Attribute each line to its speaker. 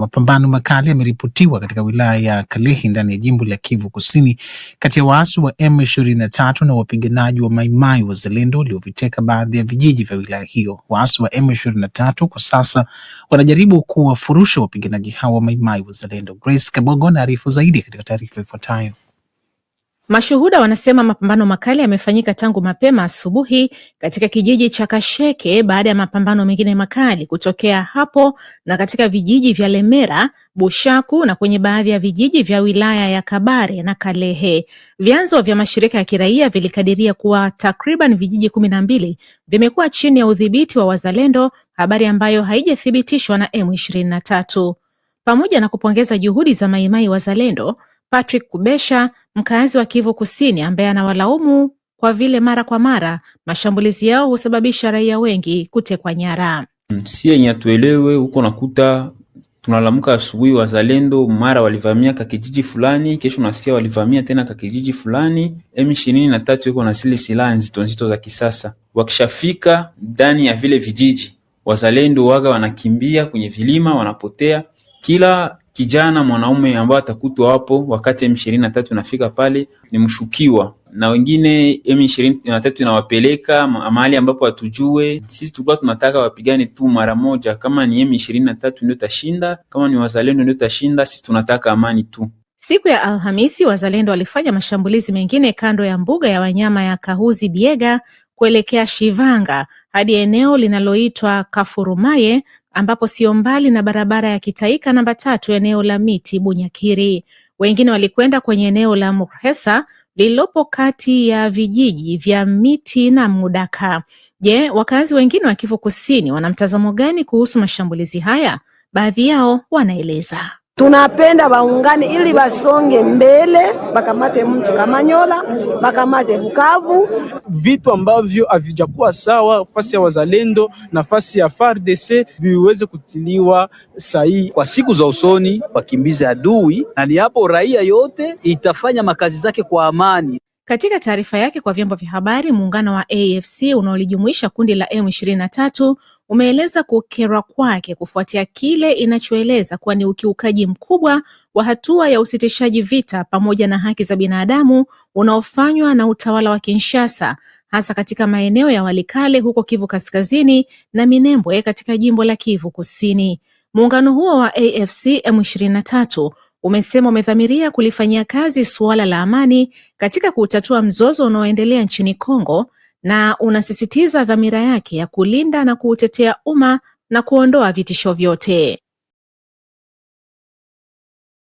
Speaker 1: Mapambano makali yameripotiwa katika wilaya ya Kalehi ndani ya jimbo la Kivu Kusini kati ya waasi wa M23 na wapiganaji wa Maimai Wazalendo walioviteka baadhi ya vijiji vya wilaya hiyo. Waasi wa M23 kwa sasa wanajaribu kuwafurusha wapiganaji hao wa Maimai Wazalendo. Grace Kabogo anaarifu zaidi katika taarifa ifuatayo.
Speaker 2: Mashuhuda wanasema mapambano makali yamefanyika tangu mapema asubuhi katika kijiji cha Kasheke baada ya mapambano mengine makali kutokea hapo na katika vijiji vya Lemera, Bushaku na kwenye baadhi ya vijiji vya wilaya ya Kabare na Kalehe. Vyanzo vya mashirika ya kiraia vilikadiria kuwa takriban vijiji kumi na mbili vimekuwa chini ya udhibiti wa wazalendo, habari ambayo haijathibitishwa na M23. Pamoja na kupongeza juhudi za Maimai wazalendo, Patrick Kubesha mkaazi wa Kivu Kusini ambaye anawalaumu kwa vile mara kwa mara mashambulizi yao husababisha raia wengi kutekwa nyara.
Speaker 3: Hmm, si yenye atuelewe huko, nakuta tunalamuka asubuhi, wazalendo mara walivamia kijiji fulani, kesho nasikia walivamia tena kijiji fulani. M23 yuko na zile silaha nzito nzito za kisasa, wakishafika ndani ya vile vijiji wazalendo waga wanakimbia kwenye vilima, wanapotea kila Kijana mwanaume ambaye atakutwa hapo wakati M23 inafika pale ni mshukiwa, na wengine M23 inawapeleka mahali ambapo hatujue. Sisi tulikuwa tunataka wapigane tu mara moja, kama ni M23 ndio tashinda, kama ni wazalendo ndio tashinda, sisi tunataka amani tu.
Speaker 2: Siku ya Alhamisi wazalendo walifanya mashambulizi mengine kando ya mbuga ya wanyama ya Kahuzi Biega kuelekea Shivanga hadi eneo linaloitwa Kafurumaye ambapo sio mbali na barabara ya kitaika namba tatu eneo la miti Bunyakiri. Wengine walikwenda kwenye eneo la Murhesa lililopo kati ya vijiji vya miti na Mudaka. Je, wakazi wengine wa Kivu Kusini wana mtazamo gani kuhusu mashambulizi haya? Baadhi yao wanaeleza
Speaker 4: tunapenda waungane ili basonge mbele, bakamate mji Kamanyola, bakamate Bukavu,
Speaker 5: vitu ambavyo havijakuwa sawa fasi ya wazalendo na fasi ya FARDC viweze kutiliwa sahihi
Speaker 6: kwa siku za usoni, wakimbize adui, na ni hapo raia yote itafanya makazi zake kwa amani.
Speaker 2: Katika taarifa yake kwa vyombo vya habari, muungano wa AFC unaolijumuisha kundi la M23 umeeleza kukerwa kwake kufuatia kile inachoeleza kuwa ni ukiukaji mkubwa wa hatua ya usitishaji vita pamoja na haki za binadamu unaofanywa na utawala wa Kinshasa hasa katika maeneo ya Walikale huko Kivu Kaskazini na Minembwe katika jimbo la Kivu Kusini. Muungano huo wa AFC M23 umesema umedhamiria kulifanyia kazi suala la amani katika kutatua mzozo unaoendelea nchini Kongo na unasisitiza dhamira yake ya kulinda na kuutetea umma na kuondoa vitisho vyote.